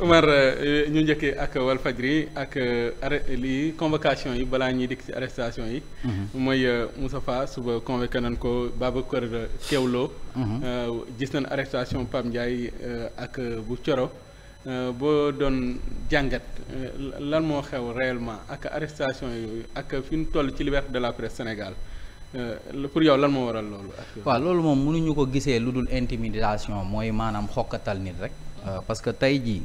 Umar euh, ñu njëkkee ak Walfadjri ak euh, arrêt lii convocation yi balaa ñuy dikk ci arrestation yi. Mhm. mooy euh, Moustapha suba convoqué nañ ko Babacar Kewlo. Mhm. gis nañ arrestation Pape Ndiaye ak bu Coro boo doon jàngat lan moo xew réellement ak arrestation yooyu ak fi ñu toll ci liberté de la presse Sénégal. pour yow lan moo waral loolu. waaw loolu moom mënuñu ko gisee lu dul intimidation mooy maanaam xokkatal nit rek. Euh, parce que tey jii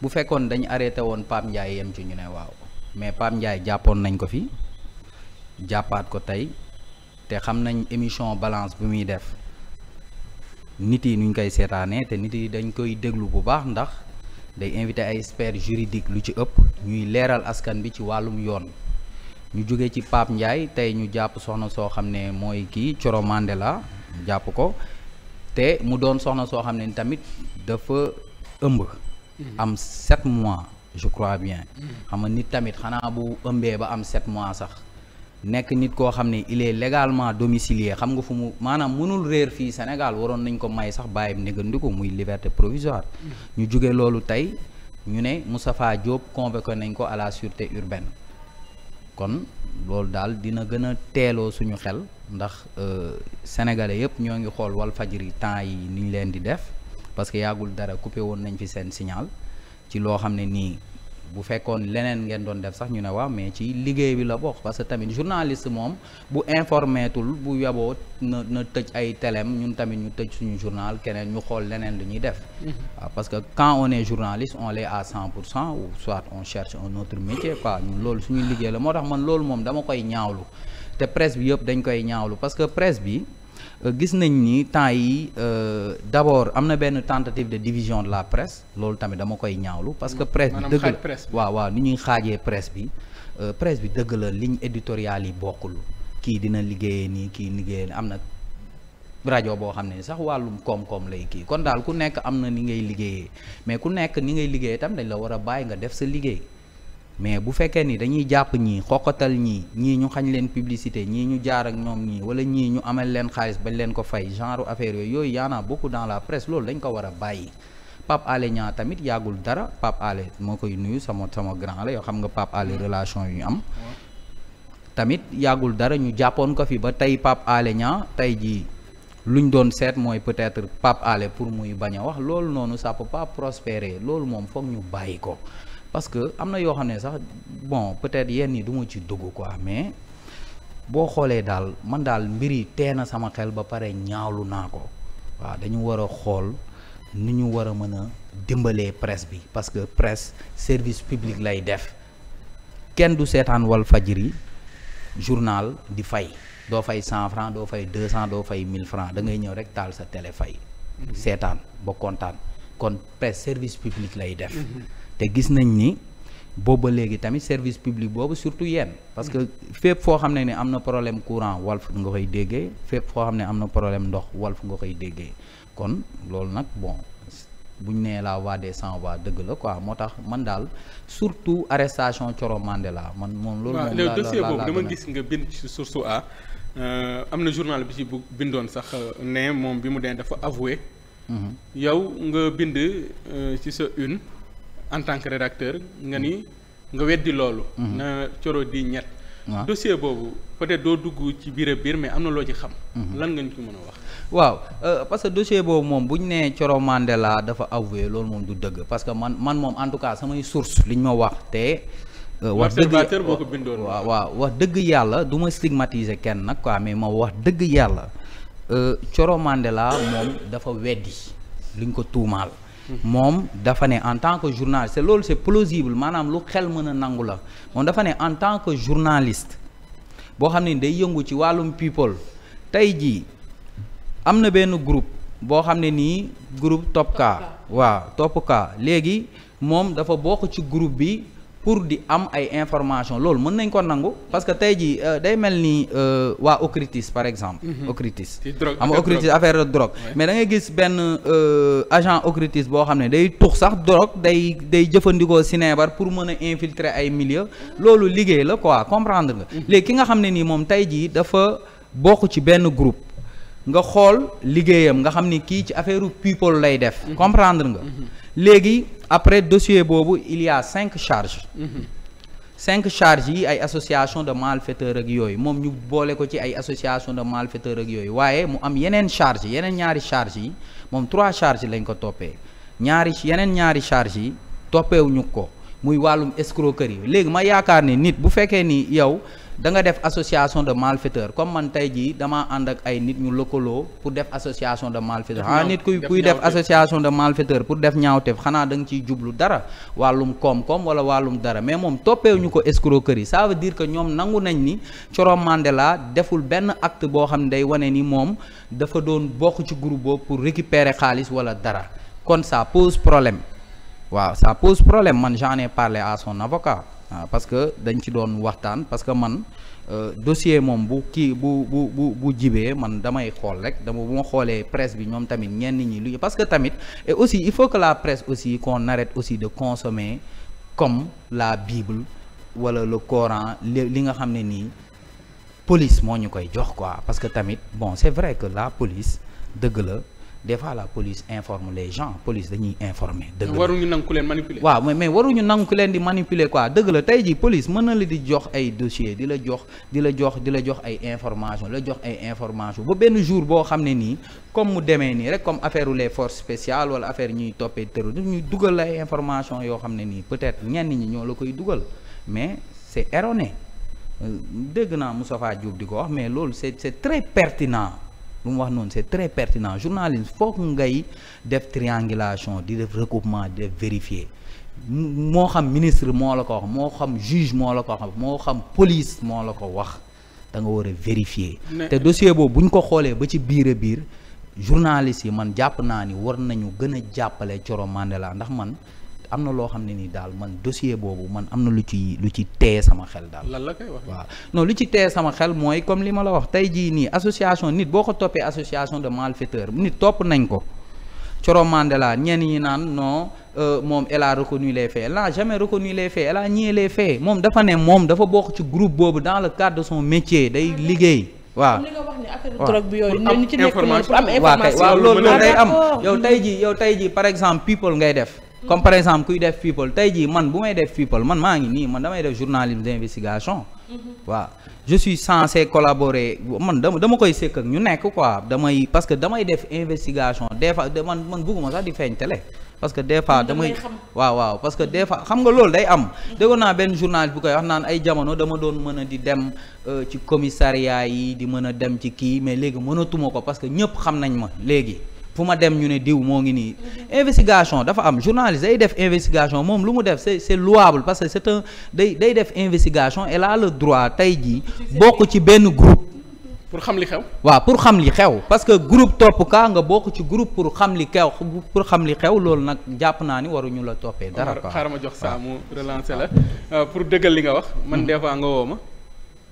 bu fekkoon dañ arrêté woon Pape Ndiaye yem ci ñu ne waaw mais Pape Ndiaye jàppoon nañ ko fi jàppaat ko tey te xam nañ émission balance bi muy def nit yi nuñ koy seetaanee te nit yi dañ koy déglu bu baax ndax day invité ay experts juridiques lu ci ëpp ñuy leeral askan bi ci wàllum yoon ñu jóge ci Pape Ndiaye tey ñu jàpp soxna soo xam ne mooy kii Coro Mandela jàpp ko te mu doon soxna soo xam ne tamit dafa ëmb. Mhm. am sept mois je crois bien. Mhm. xam nga nit tamit xanaa bu ëmbee ba am sept mois sax nekk nit koo xam ne il est légalement domicilié xam nga fu mu maanaam mënul réer fii Sénégal waroon nañ ko may sax bàyyi négandiku ko muy liberté provisoire. Mhm. ñu jóge loolu tey ñu ne Moustapha Diop convoqué nañ ko à la sûreté urbaine. kon loolu daal dina gën a teeloo suñu xel ndax euh, sénégalais yépp ñoo ngi xool Walfadjri temps yi ni ñu leen di def. parce que yàggul dara coupé woon nañ fi seen signal ci loo xam ne nii bu fekkoon leneen ngeen doon def sax ñu ne waaw mais ci liggéey bi la bokk parce que tamit journaliste moom bu informeetul bu yaboo na na tëj ay teleem ñun tamit ñu tëj suñu journal keneen ñu xool leneen lu ñuy def. Mm-hmm. waaw parce que quand on est journaliste on l'est à 100 pour cent ou soit on cherche un autre métier quoi ñun loolu suñu liggéey la moo tax man loolu moom dama koy ñaawlu te presse bi yëpp dañ koy ñaawlu parce que presse bi. Euh, gis nañ ni temps yi euh, d' abord am na benn tentative de division de la presse loolu tamit dama koy ñaawlu parce que presse bi dëgg la waaw waaw ni ñuy xaajee presse bi euh, presse bi dëgg la ligne éditoriale yi bokkul kii dina liggéeyee nii kii liggéeyee am na rajo boo xam ne sax wàllum koom-koom lay kii kon daal ku nekk am na ni ngay liggéeyee mais ku nekk ni ngay liggéeyee tam dañ la war a bàyyi nga def sa liggéey mais bu fekkee ni dañuy jàpp ñii xoqatal ñii ñii ñu xañ leen publicité ñii ñu jaar ak ñoom ñii wala ñii ñu amal leen xaalis bañ leen ko fay genre affaire yooyu yooyu yaana beaucoup dans la presse loolu dañ ko war a bàyyi Pape Alé tamit yàggul dara Pape Alé moo koy nuyu sama sama grand la yoo xam nga Pape Alé relation yu ñu am tamit yàggul dara ñu jàppoon ko fi ba tey Pape Alé tey jii lu ñu doon seet mooy peut-être Pape Alé pour muy bañ a wax loolu noonu ça peut pas prospérer loolu moom foog ñu bàyyi ko parce que am na yoo xam ne sax bon peut-être yenn yi duma ma ci dugg quoi mais boo xoolee daal man daal mbir yi tee na sama xel ba pare ñaawlu naa ko waaw dañu war a xool nu ñu war a mën a dimbalee press bi parce que presse service public lay def kenn du seetaan wal fajiri journal di fay doo fay cent franc doo fay deux cent doo fay mille franc da ngay ñëw rek taal sa télé mhm. seetaan ba kontaan kon presse service public lay def. Mhm. te gis nañ ni booba léegi tamit service public boobu surtout yéen parce que fépp foo xam ne ni am na problème courant Walf nga koy déggee fépp foo xam ne am na problème ndox Walf nga koy déggee kon loolu nag bon buñ nee laa waa des san voix dëgg la quoi moo tax man daal surtout arrestation Coro Mandela man moom loolu moom la dossier boobu dama gis nga bind ci source a euh, am na journal bi ci bu bindoon sax euh, ne moom bi mu dee dafa avoué mhm. yow nga bind euh, ci sa une en tant que rédacteur nga ni nga weddi loolu. Mm-hmm. na coro di ñett. waaw boobu peut doo dugg ci biir biir mais am na loo ci xam. Mm-hmm. lan nga ñu ci mën a wax. waaw euh, parce que dossier boobu moom bu ñu nee Coro Mandela dafa avoué loolu moom du dëgg parce que man man moom en tout cas samay source li ñu ma wax te. Euh, wax dëgg boo ko bindoon waaw waaw wax dëgg yàlla du ma stigmatiser kenn nag quoi mais ma wax dëgg yàlla euh, Coro Mandela moom dafa weddi li ñu ko tuumaal. moom dafa ne en tant que journaliste loolu c'est plausible maanaam lu xel mën a nangu la moom dafa ne en tant que journaliste boo xam ne day yëngu ci wàllum people tey jii am na benn groupe boo xam ne nii groupe Topka waa Topka léegi moom dafa bokk ci groupe bi pour di am ay information loolu mën nañ ko nangu parce que tey jii euh, day mel ni euh, waa Ocritis par exemple Ocritis am Ocritis affaire de drogue mais dangay gis benn euh, agent Ocritis boo xam ne day tux sax drogue day day jëfandikoo sineebar pour mën a infiltrer ay milieu loolu liggéey la quoi comprendre nga mhm. léegi ki nga xam ne nii moom tey jii dafa bokk ci benn groupe nga xool liggéeyam nga xam ni kii ci affaire people lay def. Mhm. comprendre nga. Mhm. léegi après dossier boobu il y cinq charge mhm. cinq charges yi ay association de malfaiteurs ak yooyu moom ñu boole ko ci ay association de malfaiteurs ak yooyu waaye mu am yeneen charge yeneen ñaari charge yi moom trois charges lañ ko toppee ñaari yeneen ñaari charge yi toppeewuñu ko muy wàllum yi léegi ma yaakaar ni nit bu fekkee ni yow. da nga def association de malfaiteurs comme man tey jii dama ànd ak ay nit ñu lëkkaloo pour def association de malfaiteurs ah nit kuy kuy def association de malfaiteurs pour def ñaawteef xanaa danga nga ciy jublu dara wàllum koom-koom wala wàllum dara mais moom toppee ñu ko escroquerie ça veut dire que ñoom nangu nañ ni Coro Mandela deful benn acte boo xam ne day wane ni moom dafa doon bokk ci groupe pour récupérer xaalis wala dara kon sa pose problème waaw ça pose problème man j'en ai parlé ah parce que dañ ci doon waxtaan parce que man euh, dossier moom bu kii bu bu bu bu jibee man damay xool rek dama bu ma xoolee presse bi ñoom tamit ñenn ñi lu parce que tamit aussi il faut que la presse aussi qu'on arrête aussi de consommer comme la Bible wala le Coran li li nga xam ne nii police moo ñu koy jox quoi parce que tamit bon c'est vrai que la police dëgg la des fois la police informe les gens police dañuy informer. dëgg la leen manipuler. waaw mais mais waruñu nangu ku leen di manipuler quoi dëgg la tey jii police mën na la di jox ay dossier di la jox di la jox di la jox ay information la jox ay information ba benn jour boo xam ne nii comme mu demee nii rek comme affaire les forces spéciales wala affaire ñuy toppee terrorisme ñuy dugal ay information yoo xam ne nii peut-être ñenn ñi ñoo la koy dugal mais c'est erroné euh, dégg naa Moustapha Diop di ko wax mais loolu c'est c'est très pertinent. lu mu wax noonu c'est très pertinent journaliste foog ngay def triangulation di def recoupement di def vérifier moo xam ministre moo la ko wax moo xam juge moo la ko wax moo xam police moo la ko wax da nga war a vérifier te dossier boobu bu ñu ko xoolee ba ci biir biir journaliste yi man jàpp naa ni war nañu gën a jàppale Coro Mandela ndax man am na loo xam ne nii daal man dossier boobu man am na lu ci lu ci tee sama xel daal. lan la koy wax lu ci tee sama xel mooy comme li ma la wax tey jii nii association nit boo ko toppee association de malfaiteurs nit topp nañ ko. Coro Mandela ñenn ñi naan non euh, moom elle a reconnu les faits elle n'a jamais reconnu les faits elle a moom dafa ne moom dafa bokk ci group boobu dans le cadre son métier day liggéey. waaw li nga pour am information waaw kay loolu day am yow tey ji yow tey ji par exemple people ngay def. comme par exemple kuy def people tey jii man bu may def people man maa ngi nii man damay def journalisme d'investigation. Mm-hmm. waaw je suis censé collaborer man dama dama koy sekk ak ñu nekk quoi damay parce que damay def investigation des fois man man bëgguma sax di feeñ télé. parce que des fois damay waaw waaw parce que des fois xam nga loolu day am. Mm-hmm. déggoon naa benn journal bu koy wax naan ay jamono dama doon mën a di dem euh, ci commissaria yi di mën a dem ci kii mais léegi mënatuma ko parce que ñëpp xam nañ ma léegi. fu ma dem ñu ne diw moo ngi nii investigation dafa am journaliste day def investigation moom lu mu def c'est c'est louable parce que c'est un day day def investigation elle la le droit tey jii bokk ci benn group pour xam li xew waa pour xam li xew parce que groupe topp kaa nga bokk ci groupe pour xam li xew pour xam li xew loolu nag jàpp naa ni waruñu la toppee dara xaaral ma jox saa mu relancer la euh, pour dëggal li nga wax man des fois nga woo ma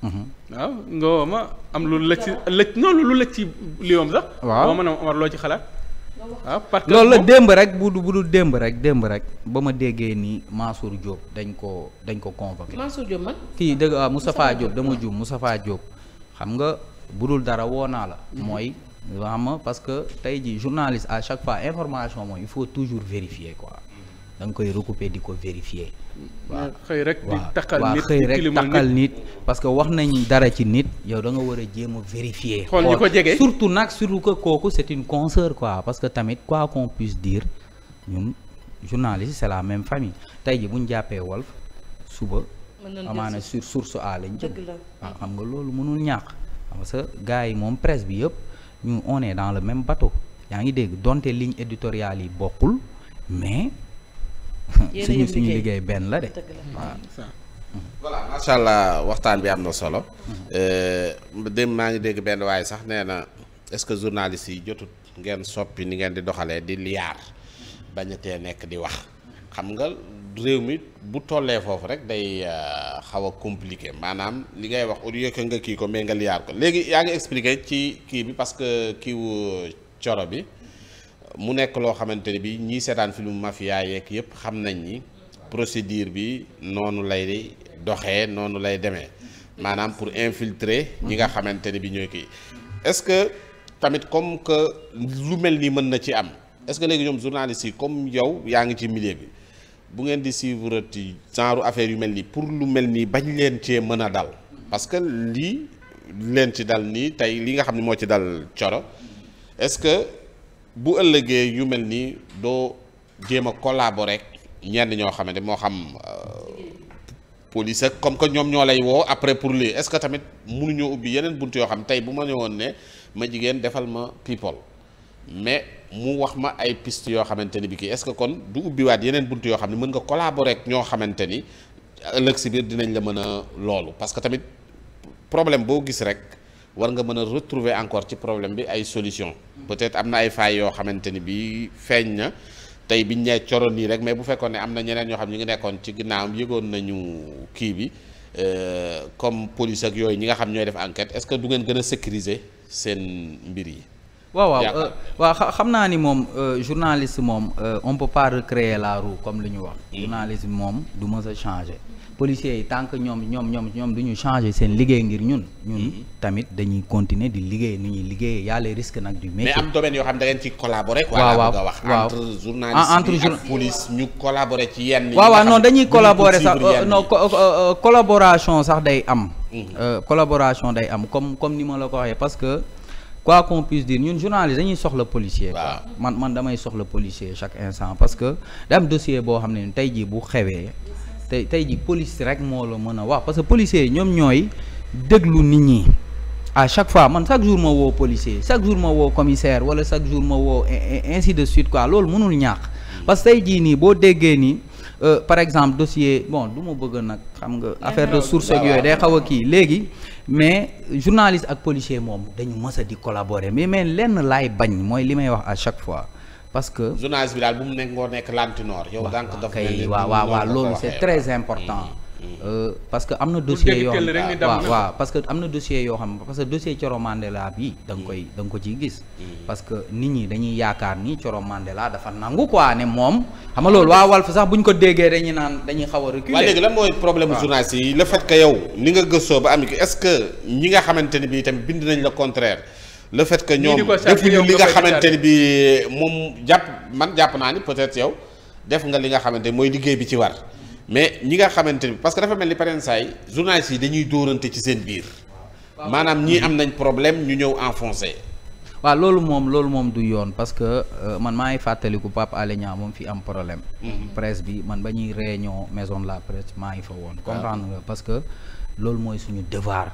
Mm-hmm. waaw nga woo ma am lu lëcc lëcc noonu lu lëcc ci liom sax. waaw woo ma ne Omar ci xalaat. waaw parce que loolu la démb rek bu du bu du démb rek démb rek ba ma déggee ni Mansour Diop dañ ko dañ ko convoqué. Mansour Diop kii dëgg ah Moustapha dama juum Moustapha Diop xam nga bu dul dara woo naa la. Mm-hmm. mooy xam parce que tey jii journaliste à chaque fois information mooy il faut toujours vérifier quoi. da nga koy recouper di ko vérifier. waaw ah, xëy rek di takkal nit waaw xëy nit. parce que wax nañ dara ci nit yow da nga war a jéem a vérifier. xool ñi ko jege surtout nag surtout que kooku c'est une consoeur quoi parce que tamit quoi qu'on puisse dire ñun journaliste c'est la même famille tey ji bu jàppee Walf suba. amaana sur source A lañ jëm waaw xam nga loolu mënul ñàkk parce que gars yi moom presse bi yëpp ñu one dans le même bateau yaa ngi dégg donte ligne éditoriale yi bokkul mais Hmm. suñu suñu liggéey benn la de waaw voilà allah waxtaan bi am na solo hmm. euh, démb maa ngi dégg benn waaye sax nee na est-ce que journaliste yi jotut ngeen soppi ni ngeen di doxalee di liyaar bañatee nekk di wax xam nga réew mi bu tollee foofu rek day euh, xaw a compliqué maanaam li ngay wax au lieu nga kii ko mais nga liyaar ko léegi yaa ngi expliqué ci kii bi parce que kiiwu euh, coro bi mu nekk loo xamante ne bi ñiy seetaan film mafia yeeg yëpp xam nañ ni procédure bi noonu lay doxee noonu lay demee maanaam pour infiltrer ñi nga xamante ne bi ñooy kii est-ce que tamit comme que lu mel ni mën na ci am est-ce que léegi ñoom journalistes yi comme yow yaa ngi ci milieu bi bu ngeen di suivre ci genre affaire yu mel nii pour lu mel nii bañ leen cee mën a dal parce que lii leen ci dal nii tey li nga xam ne moo ci dal coro est bu ëllëgee yu mel nii doo jéem a collaborer ñenn ñoo xamante moo xam euh, police ak comme que ñoom ñoo lay woo après pour lii est-ce que tamit mënuñoo ubbi yeneen bunt yoo xam tey bu ma woon ne ma jigéen defal ma people mais mu wax ma ay piste yoo xamante ni bi kii est-ce que kon du ubbiwaat yeneen bunt yoo xam ne mën nga collaborer ak ñoo xamante ni ëllëg si biir dinañ la mën a loolu parce que tamit problème boo gis rek. war nga mën a retrouver encore ci problème bi ay solution peut-être am na ay failles yoo xamante ni bii feeñ na tey bi ñu nee coro nii rek mais bu fekkoon ne am na ñeneen ñoo xam ñu ngi nekkoon ci ginnaawam yëgoon nañu kii bi euh, comme police ak yooyu ñi nga xam ñooy def enquête est-ce que du ngeen gën a sécuriser seen mbir yi. waaw waaw euh, waaw xam naa ni moom euh, journaliste moom on peut pas recréer la comme li ñu wax. Hmm. journaliste moom du mës a changer. policiers yi tant que ñoom ñoom ñoom ñoom du changé seen liggéey ngir ñun. ñun hmm. tamit dañuy continuer di liggéey ni ñu liggéey y a les nag du métier. mais am domaine yoo xam da ngeen ci collaborer. waaw waaw waaw wax entre journaliste ak police ñu collaborer ci yenn. waaw waaw dañuy sax euh, euh, euh, collaboration sax day am. Hmm. collaboration day am comme comme ni ma la ko waxee parce que. quoi qu'on puisse dire ñun journaliste dañuy soxla policier quoi man man damay soxla policier chaque instant parce que da dossier boo xam ne tey jii bu xewee tey tey ji police rek moo la mën a wax parce que policiers ñoom ñooy déglu nit ñi à chaque fois man chaque jour ma woo policier chaque jour ma woo commissaire wala chaque jour ma woo ainsi de suite quoi loolu mënul ñàkk parce que tey jii nii boo déggee nii euh, par exemple dossier bon du ma bëgg nag xam nga affaire de source ak yooyu day xaw a kii léegi mais journaliste ak policier moom dañu mës di collaborer mais mais lenn laay bañ mooy li may wax à chaque fois parce que journaliste bi daal bu mu nekk ngoo nekk lantinoor yow donc dafa mel ni waaw loolu c'est très important mm-hmm. Mm-hmm. Euh, parce que am na dossier yoo xam waaw parce que am na dossier yoo xam parce que dossier Coro Mandela bi da mm-hmm. koy da ko ciy gis parce que nit ñi dañuy yaakaar ni Coro Mandela dafa nangu quoi ne moom xam nga loolu waa Walf sax bu ñu ko déggee dañuy naan dañuy xaw a reculer waaw léegi lan mooy problème journaliste yi le fait que yow ni nga gëstoo ba am est-ce que ñi nga xamante ni bi tamit bind nañ le contraire le fait que ñoom defuñu li nga bi moom jàpp man jàpp naa ni peut-être yow def nga li nga xamante ni mooy liggéey bi ci war mais ñi nga xamante ni parce que dafa mel ni pareen saa yi yi dañuy dóorante ci seen biir maanaam ñii am nañ problème ñu ñëw enfoncé waaw loolu moom loolu moom du yoon parce que euh, man maa ngi fàttaliku Pape Alé Niang moom fi am problème mhm. presse bi man ba ñuy réunion maison de la presse maa ngi fa woon ah. comprendre nga parce que loolu mooy suñu devoir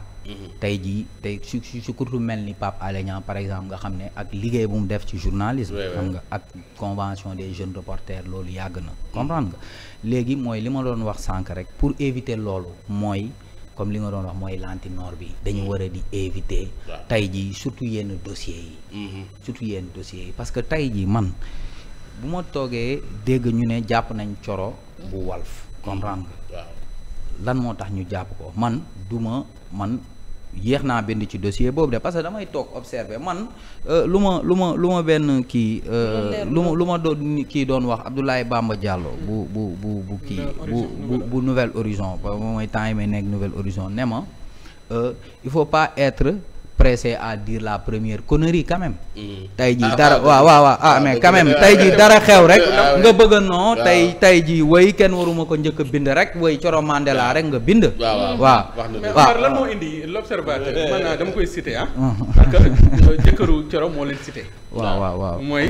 tey jii te su su ku mel ni Pape Alé Niang par exemple nga xam ne ak liggéey bu mu def ci journalisme. xam nga ak convention des jeunes reporters loolu yàgg na. comprendre nga léegi mooy li ma doon wax sànq rek pour éviter loolu mooy comme li nga doon wax mooy lantinoor bi. dañu war a di éviter. tey jii surtout yenn dossiers yi. Mm-hmm. surtout yenn dossier yi parce que tey jii man bu ma toogee dégg ñu ne jàpp nañ coro bu walf comprendre nga. lan moo tax ñu jàpp ko man duma man yéex naa bind ci dossier boobu de parce que damay toog observer man euh, lu ma lu ma lu ma benn kii euh, lu ma lu ma doon kii doon wax Abdoulaye Bamba Diallo bu bu bu bu kii bu bu Nouvelle Horizon ba mooy temps yi may nekk Nouvelle Horizon ne ma euh, il faut pas être pressé à dire la première connerie quand même. Mm. tey jii ah, dara ah, waaw waaw waaw ah, ah mais quand même tey jii dara xew rek. nga bëgg a non tey tey jii woy kenn waruma ko njëkk bind rek woy Coro Mandela rek nga bind. waaw waaw waaw lan moo indi l'observateur eh. man dama mooy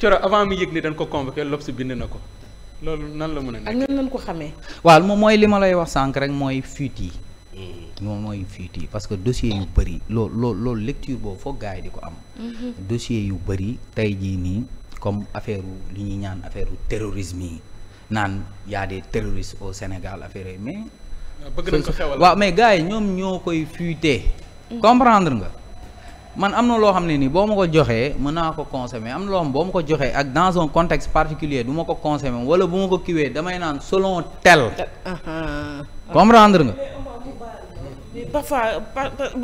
Coro avant mi yëg ni dañ ko convoqué L'Obs bind na ko. loolu nan la mën a nekk ak nan ko xamee. waaw mooy li ma lay wax sànq rek mooy fuite yi. moom mooy fiiti parce que dossier yu bëri loolu loolu loolu lecture boobu foog gars di ko am mhm. dossier yu bëri tey jii nii comme affaire li ñuy ñaan affaire terrorisme yi naan y a des terroristes Sénégal affaire yi mais ah, bëgg nañ ko xewal waaw mais gars yi ñoom ñoo koy fuité mhm. comprendre nga man am na loo xam ne nii boo ma ko joxee mën naa ko consommer am na loo xam boo ma ko joxee ak dans un contexte particulier du ma ko consommer wala bu ma ko kiwee damay naan selon tel uh-huh. comprendre nga parfois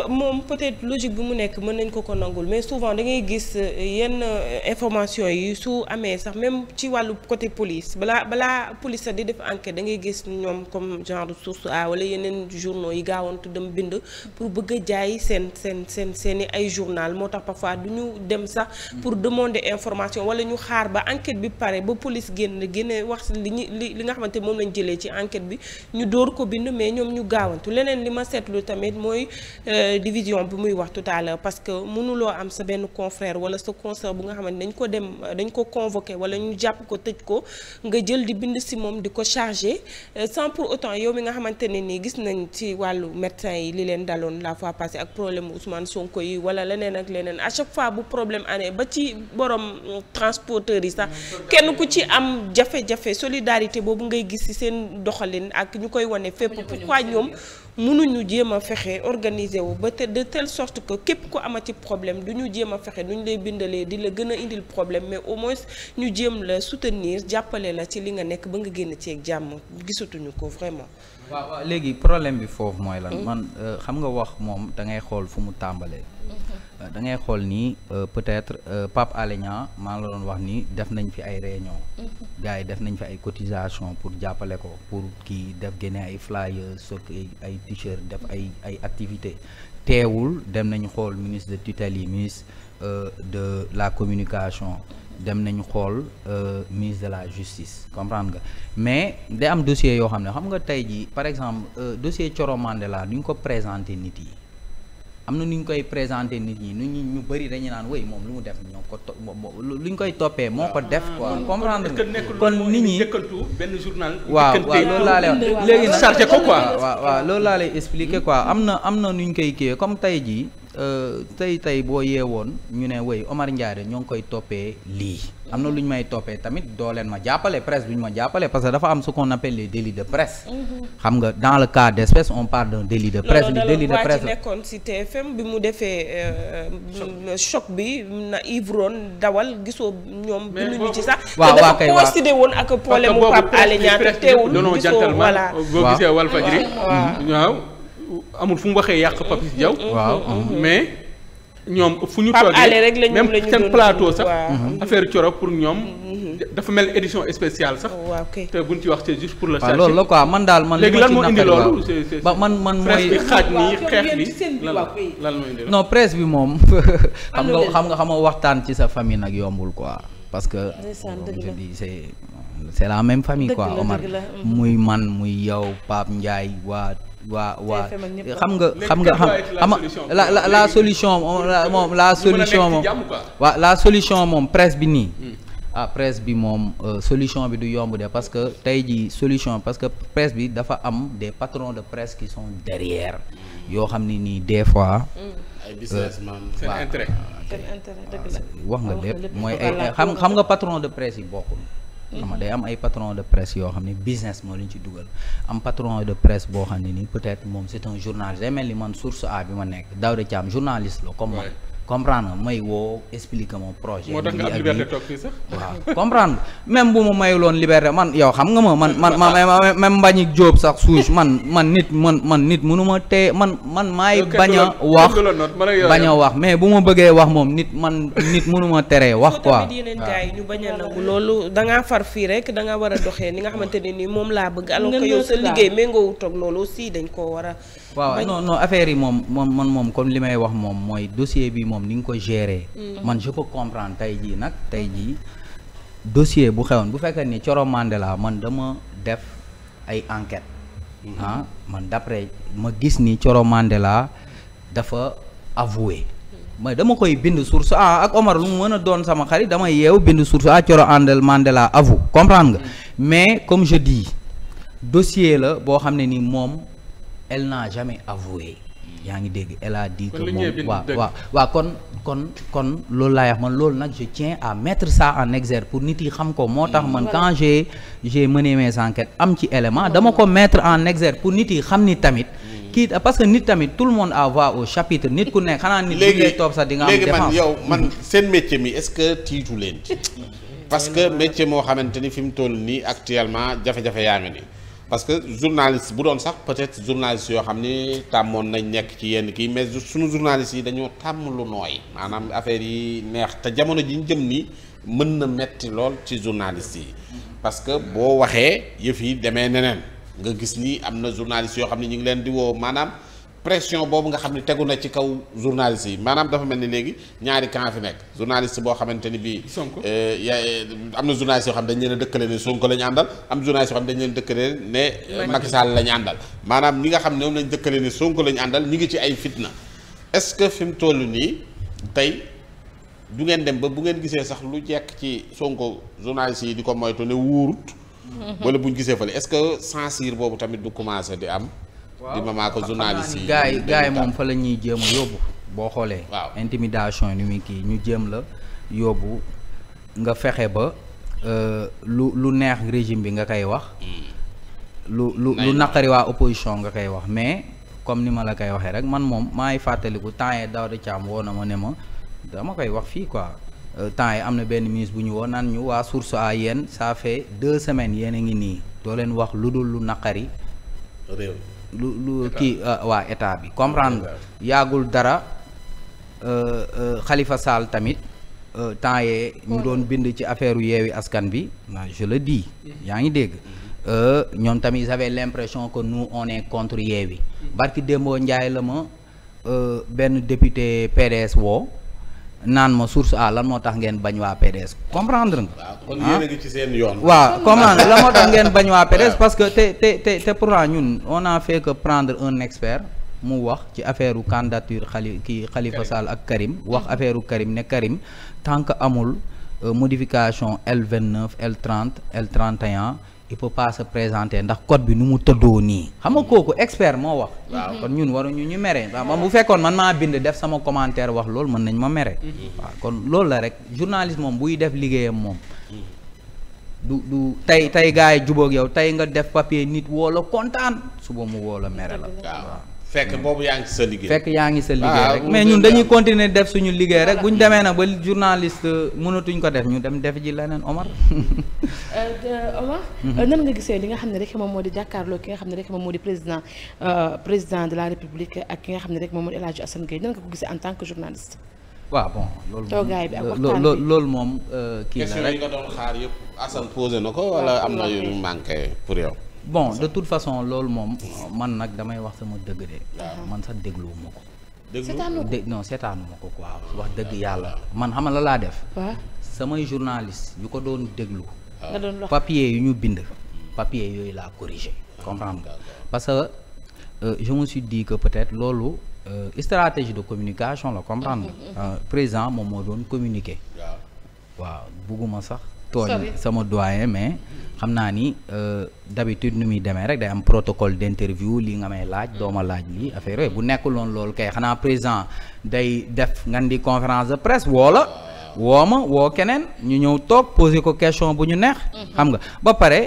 moom peut-être logique bi mu nekk mën nañ ko ko nangul mais souvent da ngay gis euh, yenn euh, information yi su amee sax même ci wàllu côté police balaa balaa police sax di def enquête da ngay gis ñoom comme genre source ah wala yeneen journaux yi gaawantu dem bind pour bëgg a jaay seen seen seen seen i ay journal moo tax parfois du ñu dem sax pour demonde information wala ñu xaar ba enquête bi pare ba police génn génne wax li ñu li li nga xamante moom lañ jëlee ci enquête bi ñu door ko bind mais ñoom ñu gaawantu tamit mooy euh, division bi muy wax tout à parce que mënuloo am sa benn confrère wala sa consœur bu nga xamante dañ ko dem dañ ko convoqué wala ñu jàpp ko tëj ko nga jël di bind si moom di ko chargé euh, sans pour autant yow mi nga xamante ne nii gis nañ ci wàllu médecin yi li leen daloon la fois passée ak problème Ousmane Sonko yi wala leneen ak leneen à chaque fois bu problème année ba ci borom transporteurs yi sax kenn ku ci am jafe-jafe solidarité boobu ngay gis ci seen doxalin ak ñu koy wane fépp pourquoi mënuñu jéem a fexe organiser wu ba te de telle sorte que képp ku amati problème du ñu jéem a fexe nu ñu lay bindalee di la gën a indil problème mais au moins ñu jéem la soutenir jàppale la ci li nga nekk ba nga génn ci ak jàmm gisatuñu ko vraiment waaw waaw léegi problème bi foofu mooy lan man mm-hmm. euh, xam nga wax moom da ngay xool fu mu tàmbalee. Mm-hmm. Euh, da ngay xool nii euh, peut-être pap Alé maa ngi la doon wax ni def nañ fi ay réunion mm-hmm. gars def nañ fi ay cotisation pour jàppale ko pour kii def génne ay flyers sok ay t-shirt def ay ay activité teewul dem nañu xool ministre de tutelle yi ministre de la communication dem nañu xool euh, mise de la justice comprendre nga mais day am dossier yoo xam ne xam nga tey jii par exemple euh, dossier Coro Mandela duñ ko présenter nit yi am na nu ñu koy présenter nit ñi nu ñu ñu bëri dañu naan wéy moom lu mu def ñoo ko to lu ñu koy toppee moo ko def quoi ah, nga kon nit ñi benn journal waaw waaw loolu laa lay léegi chargé ko quoi waaw waaw loolu am na am na nu ñu koy kiiwee comme tey jii Euh, tey tey boo yeewoon ñu ne woy Omar Ndiaye ñoo ngi koy toppee lii am na lu ñu may toppee tamit doo leen ma jàppale presse bu ñu ma jàppale parce que dafa am ce qu'on appelle les délits de presse. Mm-hmm. xam nga dans le cas d'espèce on parle d'un délit de presse. li délit de presse loolu nekkoon ci TFM bi mu defee euh, choc bi na ivron dawal gisoo ñoom. mais ñu ci sax. waaw waaw kay waaw te dafa considéré woon ak problème mu Pape Alé Niang teewul gisoo voilà waaw waaw. amul fu mu waxee yàq Papis mm-hmm. Diaw. Mm-hmm. waaw mm-hmm. mais. ñoom fu ñu toogee même seen plateau sax. affaire coro pour ñoom. dafa mel édition spéciale sax. Oh, te buñ ci wax c'est juste pour le. waaw loolu la quoi man daal man. léegi lan moo indi loolu ba man man mooy. xaaj nii xeex bi lan lan moo indi non presse bi moom. xam nga xam nga xam nga waxtaan ci sa famille nag yombul quoi. parce que je dis c'est c'est la même famille quoi Omar muy man muy yow Pape Ndiaye waa waa waa xam nga xam nga xam la la la solution moom la solution moom waa la solution moom presse bi nii hmm. ah presse bi moom euh, solution bi du yomb de parce que tey jii solution parce que presse bi dafa am des patrons de presse qui sont derrière hmm. yoo xam ne nii des fois hmm. euh, ay ah, wax nga lépp mooy ay xam xam nga patron de presse yi bokkul xam day am ay patron de presse yoo xam ne business moo leen ci dugal am patron de presse boo xam ne nii peut-être moom c'est un journaliste day man source A bi ma nekk Daouda Thiam journaliste la comme man comprendre may woo expliquer mon projet. moo tax nga am liberté toog fii sax. waaw comprendre même bu ma mayuloon liberté man yow xam nga ma man man ma même Mbagnick Diop sax ma tee man man maay bañ a wax bañ a wax mais bu ma bëggee wax moom nit man nit mënu ma teree wax quoi. waaw yeneen gars yi ñu bañ a nangu loolu far fii rek da nga war a doxee ni nga xamante ne ni moom laa bëgg. alors que yow sa liggéey méngoowut ak loolu aussi dañ koo war waaw non non affaire yi moom moom man moom comme li may wax moom mooy dossier bi moom ni nga ko gérer. Mm. man je peux comprendre tey jii nag tey jii dossier bu xewoon bu fekkee ni Coro Mandela man dama def ay enquête mm-hmm. ah man d'après ma gis ni Coro Mandela dafa avoué. Mm. mais dama koy bind source a ak Omar lu mu mën a doon sama xarit damay yeew bind source a Coro endel Mandela avoue comprendre nga mm. mais comme je dis dossier la boo xam ne ni moom. elle n'a jamais avoué. yaa ngi dégg elle a dit que moom waa waaw waaw kon kon kon loolu laay wax man loolu nag je tiens à mettre ça en exergue pour nit yi xam ko moo tax man quand j'ai j'ai mené mes enquêtes am ci élément dama ko mettre en exergue pour nit yi xam ni tamit mm. kii parce que nit tamit tout le monde a voix au chapitre nit ku nekk xanaa nit ñi ngay toog sax di nga am défense léegi man seen métier mi est-ce que tiitu leen ci parce que métier moo xamante ni fi mu toll nii actuellement jafe-jafe yaa parce que journaliste bu doon sax peut-être journaliste yoo xam ni tàmmoon nañ nekk ci yenn kii mais suñu journaliste yi dañoo tàmm lu nooy maanaam affaire yi neex te jamono ji ñu jëm nii mën na metti lool ci journaliste yi parce que boo waxee yëf yi demee neneen nga gis nii am na journaliste yoo xam ne ñu ngi leen di woo maanaam pression boobu nga xam ne tegu na ci kaw journaliste yi maanaam dafa mel ni léegi ñaari camp fi nekk journaliste boo xamante ni bii. Sonko euh, euh, am na journaliste yoo xam dañ leen a ne Sonko la ñu àndal am dañ leen dëkkale ne. Euh, Macky Sall la ñu àndal. maanaam ñi nga xam ne ñoom lañ dëkkale ne Sonko la ñu àndal ñi ngi ci ay fitna est-ce que fi mu toll nii tey du ngeen dem ba bu ngeen gisee sax lu jekk ci sonk journaliste yi di ko moytu ne wuurut. wala buñ gisee fële est-ce que censure boobu tamit du commencer di am. di mamaa ko journaliste yi gars yi gars moom fa la ñuy jéem a yóbbu boo xoolee waaw intimidation ni muy kii ñu jëm la yóbbu nga fexe ba euh, lu lu neex régime bi nga koy wax hmm. lu lu lu naqari waa opposition nga koy wax mais comme ni ma la koy waxee rek man moom maay fàttaliku temps yee Daouda caam woo na ma ne ma dama koy wax fii quoi euh, temps yi am na benn ministre bu ñu woo naan ñu waa source a yéen ça fait deux semaines yéen a ngi nii doo leen wax lu dul lu naqari réew lu lu kii ah, waa état bi comprendre yaagul dara xalifa euh, euh, Sall tamit euh, temps yee ñu doon bind ci affaire u yeewi askan bi je le di yaa ngi dégg mhm. ñoom tamit ils avaient l'impression que nous on est contre yeewi mhm. barki démboo njaay la ma benn député PDS woo naan ma source a lan moo tax ngeen bañ waa PDS comprendre nga. waaw kon ah. seen yoon. waaw comprendre lan moo tax ngeen bañ waa PDS parce que te te te te pourtant ñun on a prendre un expert mu wax ci affaire u candidature xali kii Khalifa ak Karim wax affaire u Karim ne Karim tant que amul euh, modification L29 L30 L31. il peut pas présenter ndax code bi nu mu tëddoo nii xam nga kooku expert moo wax waaw kon ñun waruñu ñu ñu meree waaw bu fekkoon man maa bind def sama commentaire wax loolu mën nañ ma mere mm-hmm. waaw kon loolu la rek journaliste moom buy def liggéeyam moom du du tey tey gars yi jubóog yow tey nga def papier nit woo la kontaan suba mu woo la mere la waaw fekk hmm. boobu yaa ngi sa liggéey. fekk yaa ngi sa liggéey ah, rek mais ñun dañuy continuer def suñu liggéey rek bu ñu ah. demee na ba journaliste mënatuñ ko def ñu dem def ji leneen Omar. Euh, Omar. Hmm. Euh, nan nga gisee li nga xam ne rek moom moo di jàkkaarloo ki nga xam ne rek moom moo di président euh, président de la république ak ki nga xam ne rek moom moo di El Hadj Assane Gueye nan nga ko gisee en tant que journaliste. waaw bon loolu moom loolu moom. kii la rek question yi nga doon yëpp Assane posé na ko wala am na yu manqué pour yow. bon de toute façon loolu moom man nag damay wax sama dëgg de. man sax dégluwuma ko. déglu dé non seetaanuma ko quoi wax dëgg yàlla man xam la laa def. samay journaliste yu ko doon déglu. papier yu ñu bind. papier yooyu laa corrigé. comprendre parce que euh, je me que peut-être loolu euh, stratégie de communication la comprendre nga. Mm-hmm. Euh, moom moo doon communiquer. waaw bugguma sax. tooñ sama doyen mais xam naa ni euh, d'habitude nu muy demee rek day am protocole d'interview li nga may laaj dooma laaj lii affaire yooyu bu nekkul loon loolu kay xanaa président day def ngan di conférence de presse la woo ma woo keneen ñu ñëw toog poser ko question bu ñu neex mhm. xam nga ba pare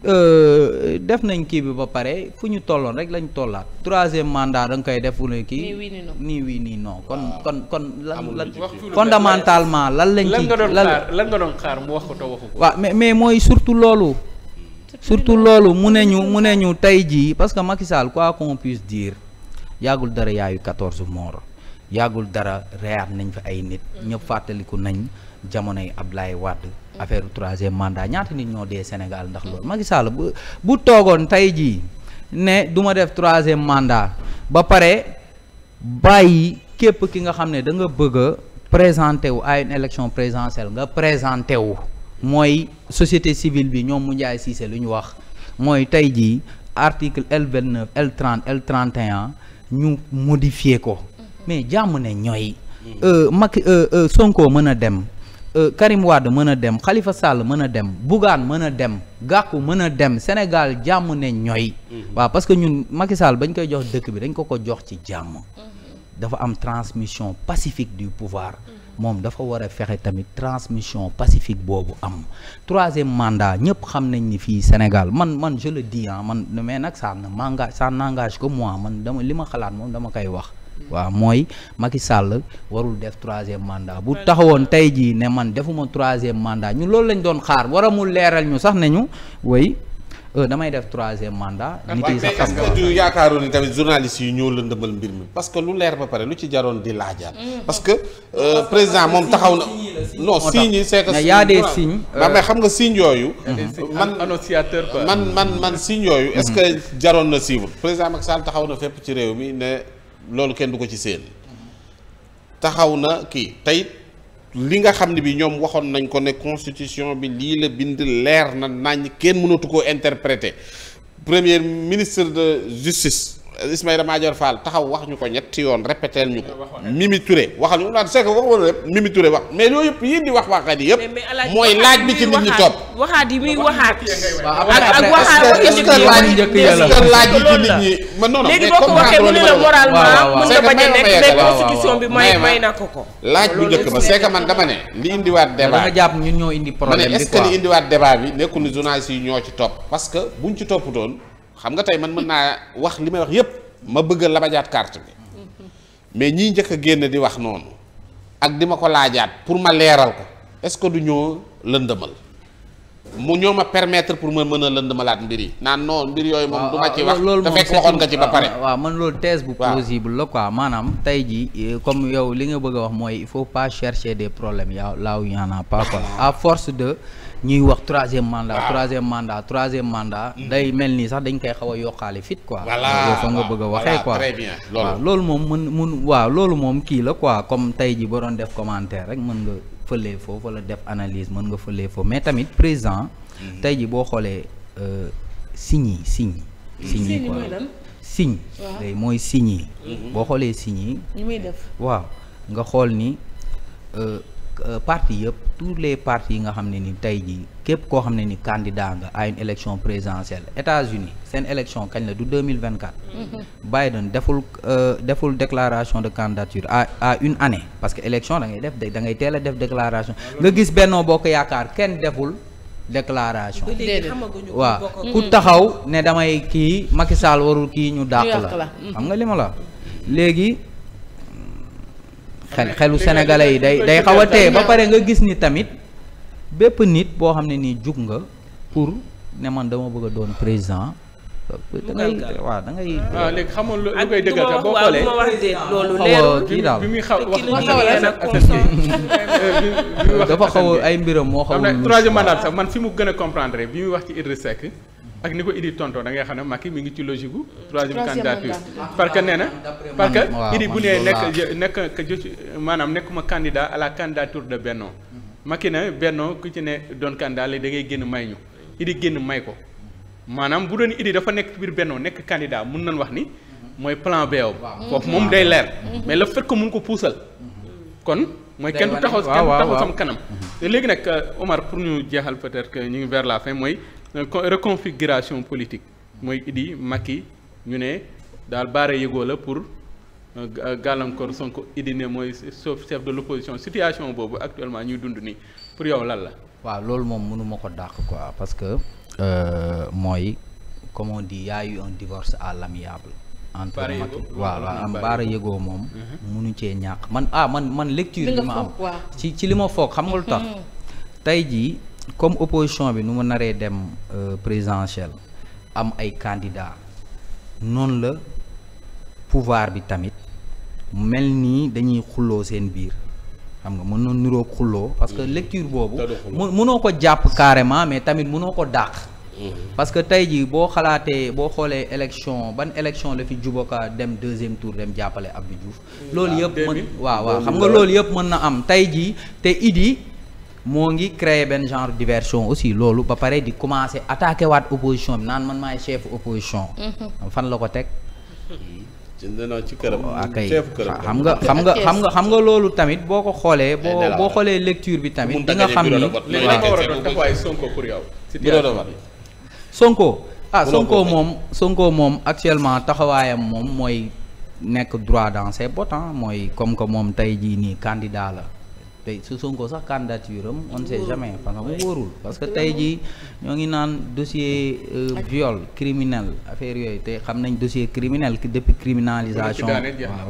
Euh, def nañ kii bi ba pare fu ñu tolloon rek lañ tollaat troisième mandat da nga koy def ne kii nii wii nii non kon kon kon lan lan fondamentalement lan lañ ci lan nga doon xaar mu wax ko te waxu ko waaw mais mais mooy surtout loolu surtout loolu mu ne ñu mu ne ñu tey jii parce que Macky Sall quoi qu'on puisse yàggul dara yaayu quatorze morts yàggul dara reyaat nañ fa ay nit mm. ñëpp fàttaliku nañ jamono jamonoy Ablaye Wade affaire troisième mandat ñaata nit ñoo dee Sénégal ndax loolu Macky Sall bu bu toogoon tey jii ne duma def troisième mandat ba pare bàyyi képp ki nga xam ne da nga bëgg a présenté wu ay une élection présidentielle nga présenté wu mooy société civile bi ñoom mu njaay siise lu ñu wax mooy tey jii article L vingt neuf L trente L ñu modifier ko mm-hmm. mais jàmm ne ñooy euh, Macky euh, euh, Sonko mën a dem Euh, Karim Wade mën a dem Khalifa Sall mën a dem Bougane mën a dem Gakou mën a dem Sénégal jàmm ne ñooy. Mhm. waaw parce que ñun Macky Sall bañ koy jox dëkk bi dañ ko ko jox ci jàmm. Mhm. dafa am transmission pacifique du pouvoir. Mhm. moom dafa war a fexe tamit transmission pacifique boobu am troisième mandat ñëpp xam nañ ni fii Sénégal man man je le dis man man mais nag ça ne m'engage ça n'engage que moi man dama li ma xalaat moom dama koy wax waaw mooy Macky Sall warul def troisième mandat bu taxawoon tey jii ne man defuma troisième mandat ñu loolu lañ doon xaar waramul leeral ñu sax nañu way euh, damay def troisième mandat. nit yi sax xam nga du yaakaaroon ni tamit journaliste yi ñoo lëndëmal mbir mi parce que lu leer ba pare ci jaroon di laajaat. Mm, euh, parce que président moom taxaw na. non signes yi c'est que. mais y euh, xam nga signes yooyu. Mhm. man annonciateur man man yooyu. est-ce mhm. que jaroon na suivre président Macky Sall taxaw na fépp ci réew mi loolu kenn du ko ci seen taxaw na kii tey li nga xam ne bi ñoom waxoon nañ ko ne constitution bi lii la bind leer na nañ kenn mënatu ko interpréter première ministre de justice Ismaïla Madior Fall taxaw wax ñu ko ñetti yoon répété ñu ko. Mimi Touré waxal ñu naan c'est que waxu lépp Mimi Touré wax mais loolu yëpp yéen di wax waxaat yi yëpp. mooy laaj bi ci nit ñi topp. waxaat yi muy waxaat. ak ak waxaat yi nit ñi est la moralement mën nga bañ a nekk may may na ko laaj bu njëkk ba c'est man dama ne. li indiwaat débat da nga ñoo indi problème bi indiwaat débat bi nekkul ni journalistes yi ñoo ci topp parce que buñ ci topp doon xam nga tey man man naa wax li may wax yépp ma bëgg a labajaat carte bi mais ñii njëkk a génn di wax noonu ak di ma ko laajaat pour ma leeral ko est-ce que du ñoo lëndëmal mu ñoo ma permettre pour ma mën a lënd malaat mbir yi naan non mbir yooyu moom du ma ci wax nga ci ba waaw man loolu thèse bu plausible la quoi maanaam tey ji eh, comme yow li nga bëgg wax mooy il faut pas des problèmes yow là où il y force de ñuy wax troisième mandat troisième mandat troisième mandat mm. day mel nii sax dañ koy xaw a yokkaale fit quoi nga bëgg a waxee quoi loolu moom mën mun waaw loolu moom kii la quoi comme tey ji ba doon def commentaire rek mën nga fëlee foofu wala def analyse mën nga fëlee foofu mais tamit président. Mhm. tey jii boo xoolee signes euh, sign signes yi. signes mhm. mooy signes mhm. boo xoolee signes yi. ñu muy def waaw nga xool ni. Euh, Euh, parti yëpp tous les partis yi nga xam ne ni tey jii képp koo xam ne ni candidat nga à une élection présidentielle États-Unis seen élection kañ la du 2024 mm-hmm. Biden deful euh, deful déclaration de candidature à à une année parce que élection da ngay def da ngay teel a def nga gis Benno Bokk Yaakaar kenn deful déclaration waaw ku taxaw ne damay kii Macky Sall warul kii ñu dàq la xam nga li la léegi xel xelu sénégalais yi day day xaw a tee ba pare nga gis ni tamit bépp nit boo xam ne nii jug nga pour ne man dama bëgg a doon président. da waaw da ngay. Ah, xam nga koy xoolee loolu leerul bi muy xaw wax dafa xaw ay mbiram moo xaw troisième mandat sax man fi mu gën a comprendre bi muy wax ci Idriss Seck ak ni ko Idi tonto da ngay xam ne Macky mi ngi ci logique gu. troisième candidature ah, parce que nee na. parce que Idi bu nee nekk nekk maanaam nekkuma candidat à la candidature de Benno. Macky na Benno ku ci ne doon candidat la da génn may ñu Idi génn may ko maanaam bu doon Idi dafa nekk biir Benno nekk candidat mun nañ wax ni. mooy plan B moom day leer. mais le fait que mun ko puusal. kon mooy kenn du taxaw kenn du taxaw sama kanam. léegi nag euh, Omar pour jeexal peut-être que ñu ngi vers la fin mooy. Euh, reconfiguration politique mooy Idi Macky ñu ne daal baara yëgoo la pour euh, euh, gàllankoor Sonko Idi ne mooy sauf chef de l'opposition situation boobu actuellement ñuy dund nii pour yow lan la. waaw loolu moom mënuma ko dàq quoi parce que mooy comme on dit y a eu un divorce à l'amiable entre Macky waaw waaw am baara yëgoo moom mm-hmm. mënu cee ñàkk man ah man man lecture bi ma am ci ci li ma foog xam nga lu tax mm-hmm. tey jii comme opposition bi nu mu naree dem euh, présidentielle am ay candidats noonu la pouvoir bi tamit mel nii dañuy xuloo seen biir xam nga mën na niroo xuloo parce que mm-hmm. lecture boobu mu mënoo ko jàpp carrément mais tamit mënoo ko dàq mm-hmm. parce que tey jii boo xalaatee boo xoolee élection ban élection la fi ko dem deuxième tour dem jàppale Abdou Diouf mm-hmm. loolu ah, yëpp mën waaw waaw xam nga loolu yëpp mën na am tey jii te Idi moo ngi créer benn genre diversion aussi loolu ba pare di commencer attaquer waat opposition bi naan man maay chef opposition. Mhm. fan la ko teg. jënd ci këram. Ah, chef xam nga xam nga xam nga xam nga loolu tamit boo ko xoolee. boo boo xoolee lecture bi tamit. di nga xam ni Sonko ah Sonko moom Sonko moom actuellement taxawaayam moom mooy nekk droit dans ses bottes mooy comme que moom tey jii nii kandidaa la. tey su Sonko sax candidature am on sait jamais parce que mu wóorul tey jii ñoo ngi naan dossier euh, viol criminel affaire yooyu tey xam nañ dossier criminel depuis criminalisation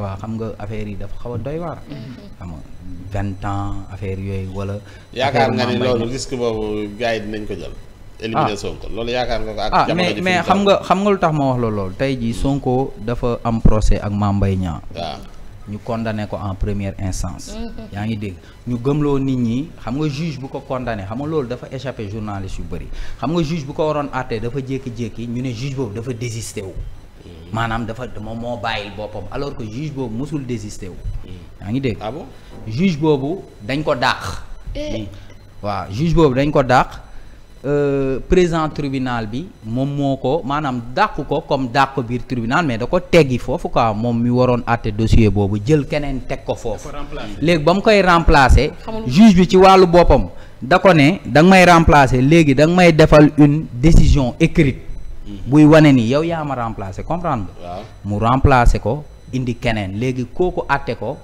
waa xam nga affaire yi dafa xaw a doy waar mm-hmm. xam nga vingt affaire yooyu wala yaakaar nga ni loolu risque boobu gars yi dinañ ko jël ah. éliminer Sonko loolu yaakaar nga ko ak ah mais mais xam nga lu tax ma wax la loolu tey jii Sonko dafa am procès ak Mame Mbaye Niang ñu condamné ko en première instance. Mm-hmm. yaa ngi dégg ñu gëmloo nit ñi xam nga juge bu ko condamné xam nga loolu dafa échappé journaliste yu bëri xam nga juge bu ko waroon àttee dafa jékki-jékki ñu ne juge boobu dafa désisté wu. Mm-hmm. maanaam dafa moom moo bàyyil boppam alors que juge boobu mosul désisté wu. Mm-hmm. yaa ngi dégg. ah bon juge boobu dañ ko dàq. Eh. waaw juge boobu dañ ko dàq. Euh, président tribunal bi moom moo ko maanaam dàq ko comme dàq ko biir tribinal mais da ko teggi foofu quoi moom mi waroon àtte dossier boobu jël keneen teg ko foofu léegi ba mu koy remplacer juge bi ci wàllu boppam da ko ne da nga may remplacer léegi da nga may defal une décision écrite mhm. buy wane ni yow yaa ma remplacer comprendre mu remplacer ko indi keneen léegi kooku àtte ko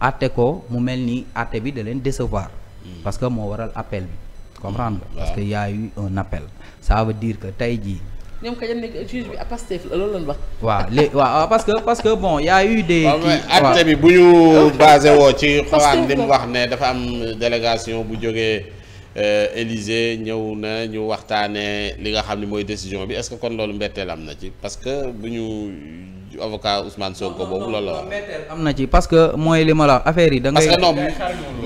àtte ko mu mel ni àtte bi da leen décevoir mhm. parce que moo waral appel bi comprendre parce que y a eu un appel. ça veut dire que tey jii. ñoom ka nekk juge bi Pastef loolu lañ wax. waaw léegi waaw parce que bon y a eu des. bi bu ñu basé woo ci. Pastef xoolal wax ne dafa am délégation bu jógee. Euh, Élysée ñëw na ñu waxtaanee li nga xam ne mooy décision bi est kon loolu mbetteel am na ci parce que bu ñu avocat Ousmane Sonko boobu loolu la wax. am na ci parce que mooy li ma la wax affaire yi. da ngay parce que non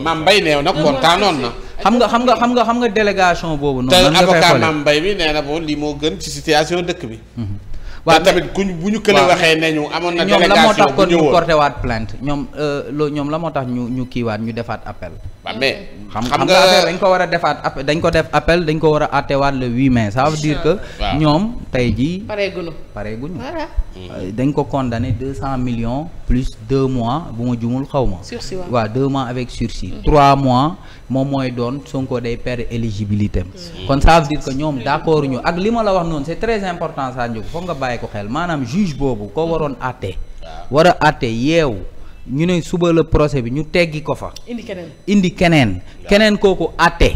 maam Mbaye neew nag na. xam nga xam nga xam nga xam nga délégation boobu. noonu nan nga fay xoolee te avocat lii moo gën ci situation dëkk bi. Mhm. waaw tamit ku bu ñu kële waxee ne ñu amoon na délégation ñoom kon ñu porté waat plainte ñoom euh, loo ñoom la moo tax ñu ñu kiiwaat ñu defaat appel. xam nga dañ ko war a defaat dañ ko def appel dañ ko war a àttewaat le 8 mai ça veut dire que ñoom tey jii pareeguñu pareeguñu euh, dañ ko condamné deux cent millions plus deux mois bu ma jumul xaw ma waaw deux mois avec sursis mm-hmm. trois mois moom mooy doon Sonko day perdre éligibilité mm-hmm. kon ça veut dire que ñoom d'accord ñu ak li ma la wax noonu c'est très important ça Ndiogou foog nga bàyyi ko xel maanaam juge boobu ko waroon àtte war a àtte yeew ñu ne suba la procès bi ñu teggi ko fa. indi keneen indi keneen. keneen kooku àtte.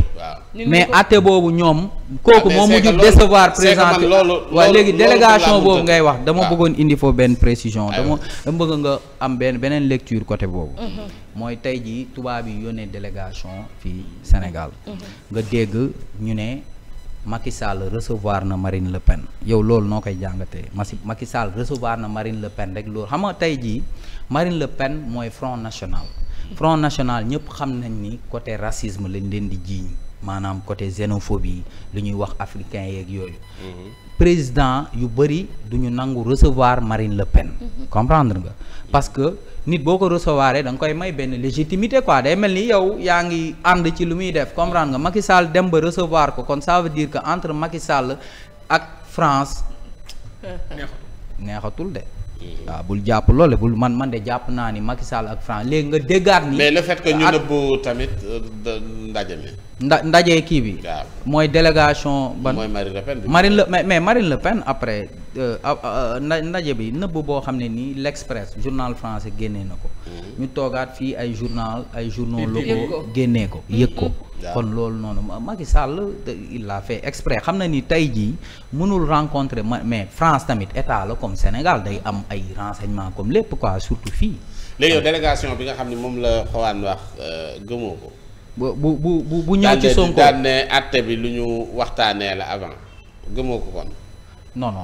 mais àtte boobu ñoom. kooku ah, moom mujj décevoir présenté waaw léegi délégation boobu ngay wax dama bëggoon indi foofu benn précision. dama dama bëgg nga am benn beneen lecture côté boobu. Mhm. mooy tey jii tubaab yi yónnee délégation fii Sénégal. Mhm. nga dégg ñu ne. Macky Sall recevoir na Marine Le Pen yow loolu noo koy jàngatee Massi Macky Sall recevoir na Marine Le Pen rek loolu xam nga tey jii Marine Le Pen mooy Front National. Front National ñëpp xam nañ ni côté racisme lañ leen di jiiñ maanaam côté xénophobie lu ñuy wax africain yeeg yooyu. Mm-hmm. président yu bëri du ñu nangu recevoir Marine Le Pen. Mhm. comprendre nga parce que nit boo ko recevoir danga koy may benn légitimité quoi day mel ni yow yaa ngi ànd ci lu muy def comprendre nga Macky dem ba recevoir ko kon ça veut que entre Macky Sall ak France. neexatul de. Mm-hmm. waa bul jàpp loole bul man man de jàpp naa ni Macky Sall ak France léegi nga déggaat ni mais le fait que ñu nëbbu tamit euh, ndaje mi nda ndaje kii bi mooy délégation ban mooy Marine Le Pen mais Marine Le Pen après euh, nda ndaje bi nëbb boo xam ne nii l'Express journal français génnee na ko mm-hmm. ñu toogaat fii ay journal ay journaux locaux génnee ko yëg ko kon loolu noonu Macky Sall il l'a fait exprès xam na ni tey jii mënul rencontrer mais France tamit état la comme Sénégal day am ay renseignements comme lépp quoi surtout fii. léegi yow bi nga xam ne moom la xawaan wax euh, gëmoo ko. bu bu bu ñëw ci Sonko daan bi lu ñu waxtaanee la avant gëmoo ko kon. non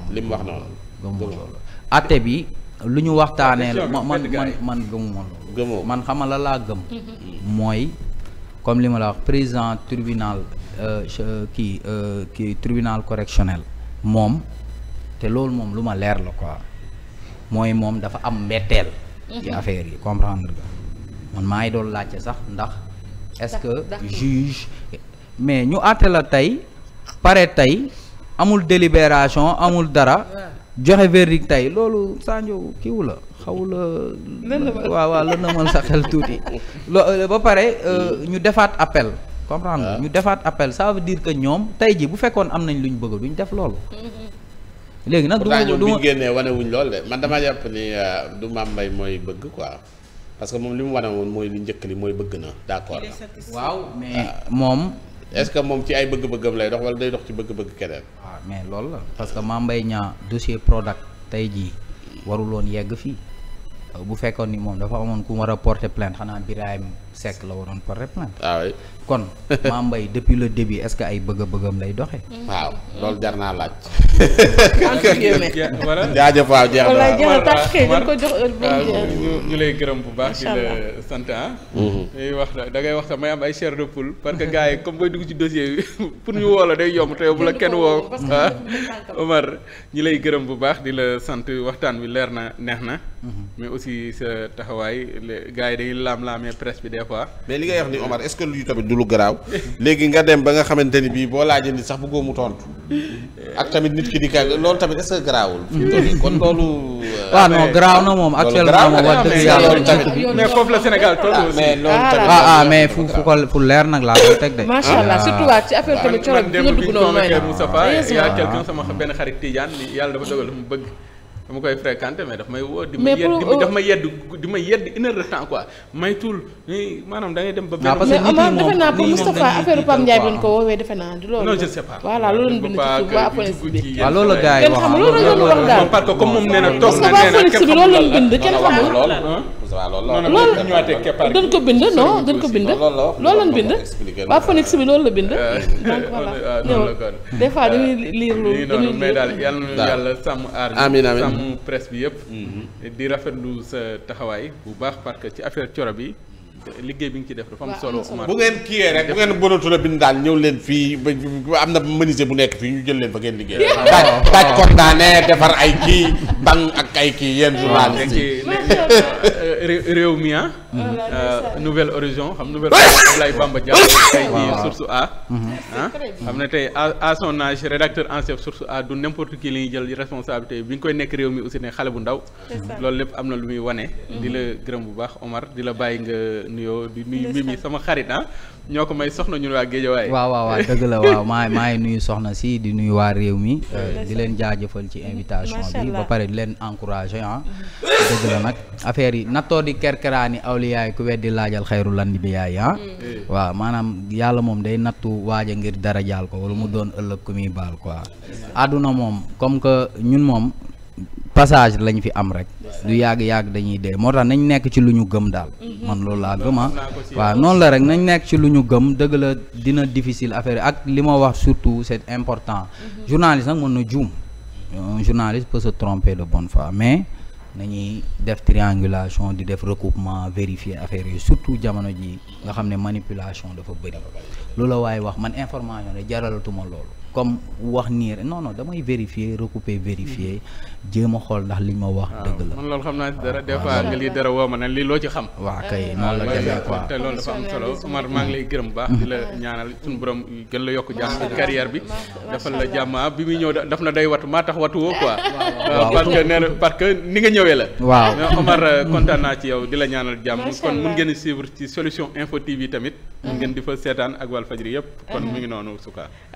wax bi. lu ñu waxtaanee man man man gëmuma loolu. gëmoo man xamal la laa gëm. Mm-hmm. mooy. comme li ma la wax président tribunal euh, kii euh, kii tribunal correctionnel moom te loolu moom lu ma leer la quoi mooy moom dafa am mbetteel ci mhm. affaire yi comprendre nga man maa ngi doon laajte sax ndax est-ce que juge mais ñu àtte la tey pare tey amul délibération amul dara joxe verdict tey loolu Sadio kiiw la xaw la. waaw waaw lan mën sa xel tuuti. loo euh, ba pare euh, ñu defaat appel. comprendre ah. ñu defaat appel ça veut dire que ñoom tey jii bu fekkoon am nañ lu ñu bëgg ñu def loolu. Mm-hmm. léegi nag du ma du ma génnee wane wuñ loolu man dama jàpp ni euh, du Mame mbay mooy bëgg quoi parce que moom li mu wane woon mooy lu njëkk li mooy bëgg na d'accord. waaw mais ah. moom. est-ce que moom ci ay bëgg-bëggam lay dox wala day dox ci bëgg-bëgg keneen. waaw ah, mais lool la parce que Mame Mbaye dossier Prodac tey jii waruloon yegg fii euh, bu fekkoon ni moom dafa amoon ku war a porter plainte xanaa Birahim Seck la waroon porter plainte ah oui kon Mame Mbaye depuis le début est-ce que ay bëgg-bëggam lay doxee. waaw loolu jar naa laaj. jaajëf waaw jeex na ko jox ñu lay gërëm bu baax. sant ah. Mhm. wax da wax sax may am ay chair de poule parce que gars yi comme booy dugg ci dossier bi pour ñu woo la day yomb te bu la kenn woo. Ah. Omar ñi lay gërëm bu baax di la sant waxtaan bi leer na neex na. Mhm. mais aussi sa taxawaay gars yi laam-laamee presse bi des quoi. mais li nga wax ni Omar est-ce que luy tamit du lu garaaw léegi nga dem ba nga xamante ni bii boo laajee ni sax bëggoo mu tontu ak tamit nit ki di ka loolu tamit est-ce kon loolu. waaw euh, ah, non garaaw moom actuellement moom wax dëgg yàlla mais foofu la Sénégal ah, ah, fu fu ko fu leer nag laa koy teg de. macha allah surtout waa ci tamit coono bi nga dugg noonu. waaw man de bu ñu convoqué sama benn xarit Tidiane yàlla dafa dogal mu bëgg dama koy fréquenté mais daf may woo. di ma yedd euh, daf ma yedd di ma yedd une heure de temps quoi maytul ni maanaam da dem ba. benn mais Omar defe naa pour Moustapha affaire Pape Ndiaye bi ñu ko woowee defe naa du loolu. waa police loolu ah, loolu la gën a wax daal. parce que comme loolu lañ bind kenn xamul. waaw loolu dañ ko bind non dañ ko bind loolu lañ bind waa Phoenix bi loolu la bind euh, donc euh, voilà euh, ñëw des fois dañuy lire daal yàlla sàmm aar amiin amiin sàmm presse bi yëpp mhm. di rafetlu sa taxawaay bu baax parce que ci affaire coro bi liggéey bi nga ci def dafa am solo bu ngeen kiiyee rek bu ngeen bonatu la bind daal ñëw leen fii ba am na menuisier bu nekk fii ñu jël leen fa ngeen liggéey daaj oh, daaj kontaane oh. defar ay kii bang ak ay kii yéen oh, journaliste yi réew mi ah. Mm-hmm. Euh, Nouvelle Horizon xam Nouvelle Horizon Ablaye Bamba Diallo tey jii source A. Mm-hmm. ah xam ne tey à son âge rédacteur en chef source A du n'importe qui li ñuy jël responsabilité bi nga koy nekk réew mi aussi ne xale bu ndaw. Mm-hmm. loolu lépp am na lu muy wane. di la gërëm bu baax Omar di la bàyyi nga nuyo di nuyu Mimi sama xarit ah ñoo ko may soxna ñu waa Géejawaay. waaw waaw waaw dëgg la waaw maa maa ngi nuyu soxna si di nuyu waa réew mi euh, di leen jaajëfal ci invitation bi leen encourager ah. toodi kerkeraani awliyaay ku weddi laajal xayru lan bi yaay ah mm. eh. waaw maanaam yàlla moom day nattu waaja ngir dara jaal ko wala mu mm. doon ëllëg ku muy baal ko àdduna moom comme que ñun moom passage lañ fi am rek du yàgg-yàgg dañuy dee moo tax nañ nekk ci lu ñu gëm daal mm-hmm. man loolu laa gëm ah waaw la rek nañ nekk ci lu ñu gëm dëgg la dina difficile affaire ak li ma wax surtout c'est important mm-hmm. journaliste nag mën na juum un journaliste peut se tromper nañuy def triangulation di def recoupement vérifier affaire yi surtout jamono ji nga xam ne manipulation dafa bëri lu la waaye wax man information ne jaralatuma loolu comme wax nii non non damay vérifier recouper vérifier mm-hmm. jéem a xool ndax liñ ma wax. dëgg la man loolu xam naa dara des fois nga lii dara woo ma ne lii loo ci xam. waa kay noonu la demee quoi te loolu dafa am solo Omar maa ngi lay gërëm bu baax. di la mm-hmm. ñaanal suñu borom gën la yokk jàmm ci bi. dafa la jàmm ah, bi muy ñëw daf na day watu maa tax watu woo quoi. Ah, parce que nee na parce que ni nga ñëwee la. waaw mais Omar euh, naa ci yow di la ñaanal jàmm. kon mun ngeen suivre ci solution info TV tamit. mun ngeen di fa seetaan ak Walfadjri yëpp kon mu mm-hmm. ngi